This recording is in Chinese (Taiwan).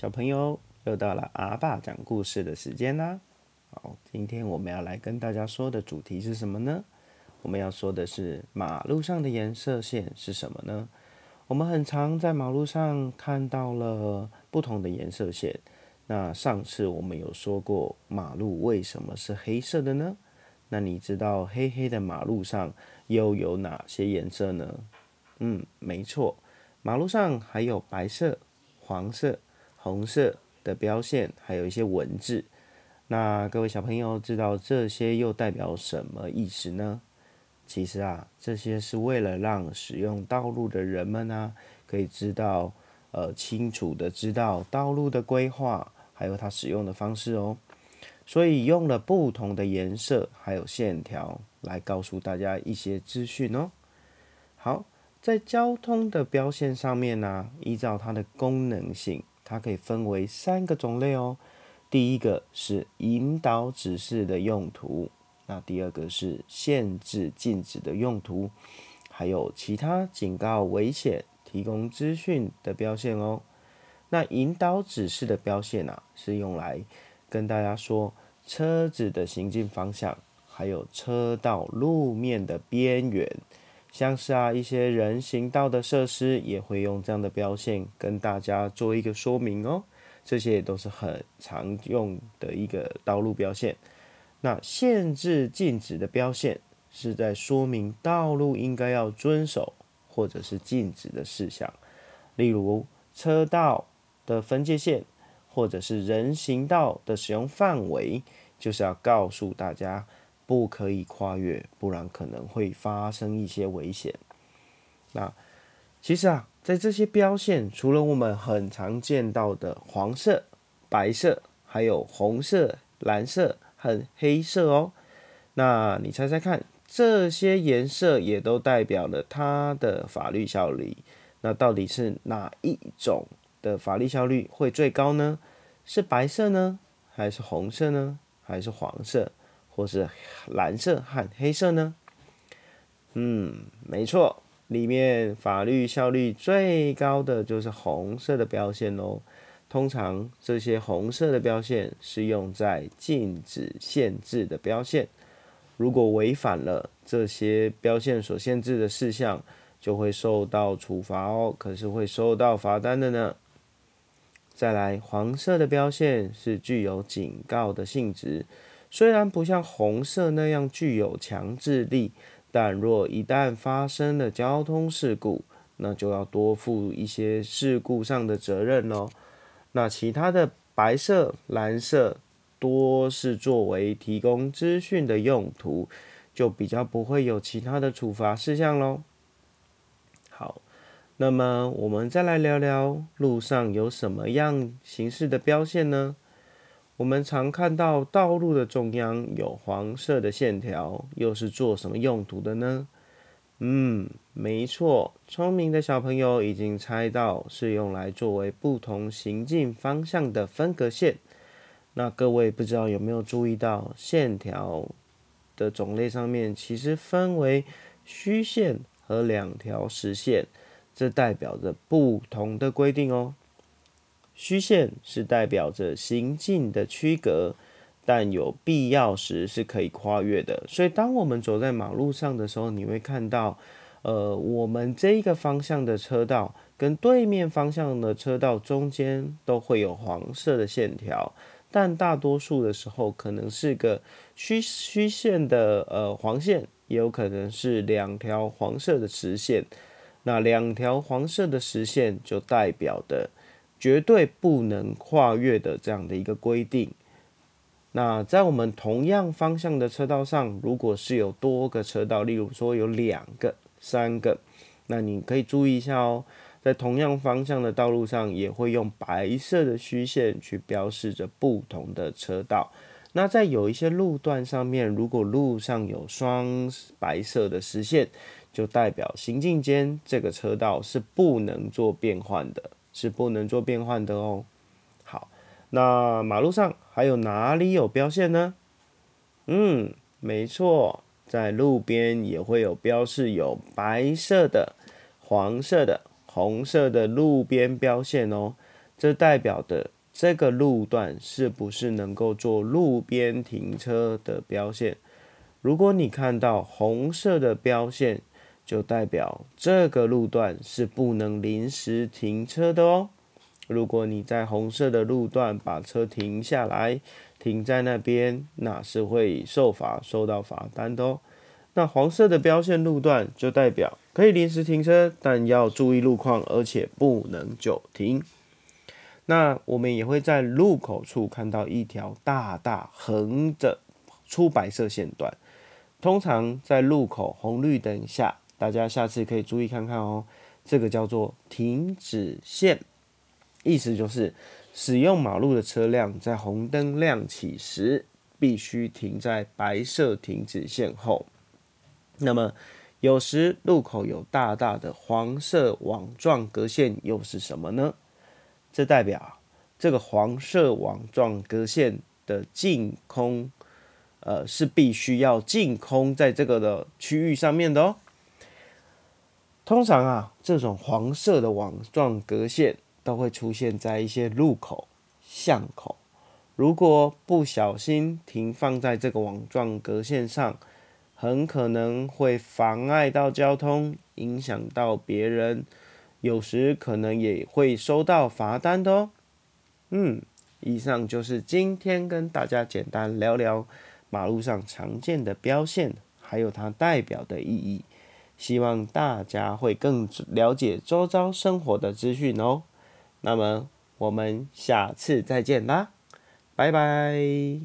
小朋友，又到了阿爸講故事的時間啦！好，今天我們要來跟大家說的主題是什麼呢？我們要說的是馬路上的顏色線是什麼呢？我們很常在馬路上看到了不同的顏色線。那上次我們有說過，馬路為什麼是黑色的呢？那你知道黑黑的馬路上又有哪些顏色呢？嗯，沒錯，馬路上還有白色、黃色。紅色的標線，還有一些文字，那各位小朋友知道這些又代表什麼意思呢？其實啊，這些是為了讓使用道路的人們呢、啊，可以知道，呃，清楚的知道道路的規劃，還有它使用的方式哦、喔。所以用了不同的顏色，還有線條來告訴大家一些資訊哦。好，在交通的標線上面呢、啊，依照它的功能性。它可以分為三個種類哦。第一個是引導指示的用途，那第二個是限制禁止的用途，還有其他警告、危險，提供資訊的標線哦。那引導指示的標線啊，是用來跟大家說車子的行進方向，還有車道路面的邊緣。像是啊，一些人行道的設施也會用這樣的標線跟大家做一個說明哦。這些也都是很常用的一個道路標線。那限制、禁止的標線是在說明道路應該要遵守或者是禁止的事項，例如車道的分界線，或者是人行道的使用範圍，就是要告訴大家。不可以跨越，不然可能會發生一些危險。那其實啊，在這些標線，除了我們很常見到的黃色、白色，還有紅色、藍色和黑色哦。那你猜猜看，這些顏色也都代表了它的法律效力。那到底是哪一種的法律效率會最高呢？是白色呢，還是紅色呢，還是黃色？都是藍色和黑色呢？嗯，沒錯，裡面法律效率最高的就是紅色的標線哦。通常這些紅色的標線是用在禁止、限制的標線。如果違反了這些標線所限制的事項，就會受到處罰哦，可是會收到罰單的呢。再來，黃色的標線是具有警告的性質。雖然不像紅色那樣具有強制力，但若一旦發生了交通事故，那就要多負一些事故上的責任咯。那其他的白色、藍色多是作為提供資訊的用途，就比較不會有其他的處罰事項咯。好，那麼我們再來聊聊路上有什麼樣形式的標線呢？我們常看到道路的中央有黃色的線條，又是做什麼用途的呢？嗯，沒錯，聰明的小朋友已經猜到是用來作為不同行進方向的分隔線。那各位不知道有沒有注意到，線條的種類上面其實分為虛線和兩條實線，這代表着不同的規定哦。虛線是代表着行進的區隔，但有必要時是可以跨越的。所以，當我們走在馬路上的時候，你會看到，呃，我們這個方向的車道跟對面方向的車道中間都會有黃色的線條，但大多數的時候可能是個虛虛線的呃，黃線，也有可能是兩條黃色的實線。那兩條黃色的實線就代表的。絕對不能跨越的這樣的一個規定。那在我們同樣方向的車道上，如果是有多個車道，例如說有兩個、三個，那你可以注意一下哦，在同樣方向的道路上，也會用白色的虛線去標示着不同的車道。那在有一些路段上面，如果路上有雙白色的實線，就代表行進間這個車道是不能做變換的。是不能做變換的哦。好，那馬路上還有哪裡有標線呢？嗯，沒錯，在路邊也會有標示，有白色的、黃色的、紅色的路邊標線哦。這代表的這個路段是不是能夠做路邊停車的標線？如果你看到紅色的標線，就代表這個路段是不能臨時停車的哦。如果你在紅色的路段把車停下來，停在那邊，那是會受罰、收到罰單的哦。那黃色的標線路段就代表可以臨時停車，但要注意路況，而且不能久停。那我們也會在路口處看到一條大大橫着粗白色線段，通常在路口紅綠燈下。大家下次可以注意看看哦、喔。這個叫做停止線，意思就是使用馬路的車輛在紅燈亮起時，必須停在白色停止線後。那麼，有時路口有大大的黃色網狀隔線，又是什麼呢？這代表這個黃色網狀隔線的淨空，呃，是必須要淨空在這個的區域上面的哦、喔。通常啊，這種黃色的網狀隔線都會出現在一些路口、巷口。如果不小心停放在這個網狀隔線上，很可能會妨礙到交通，影響到別人，有時可能也會收到罰單的哦、喔。嗯，以上就是今天跟大家簡單聊聊馬路上常見的標線，還有它代表的意義。希望大家會更了解周遭生活的資訊哦。那麼我們下次再見啦，拜拜。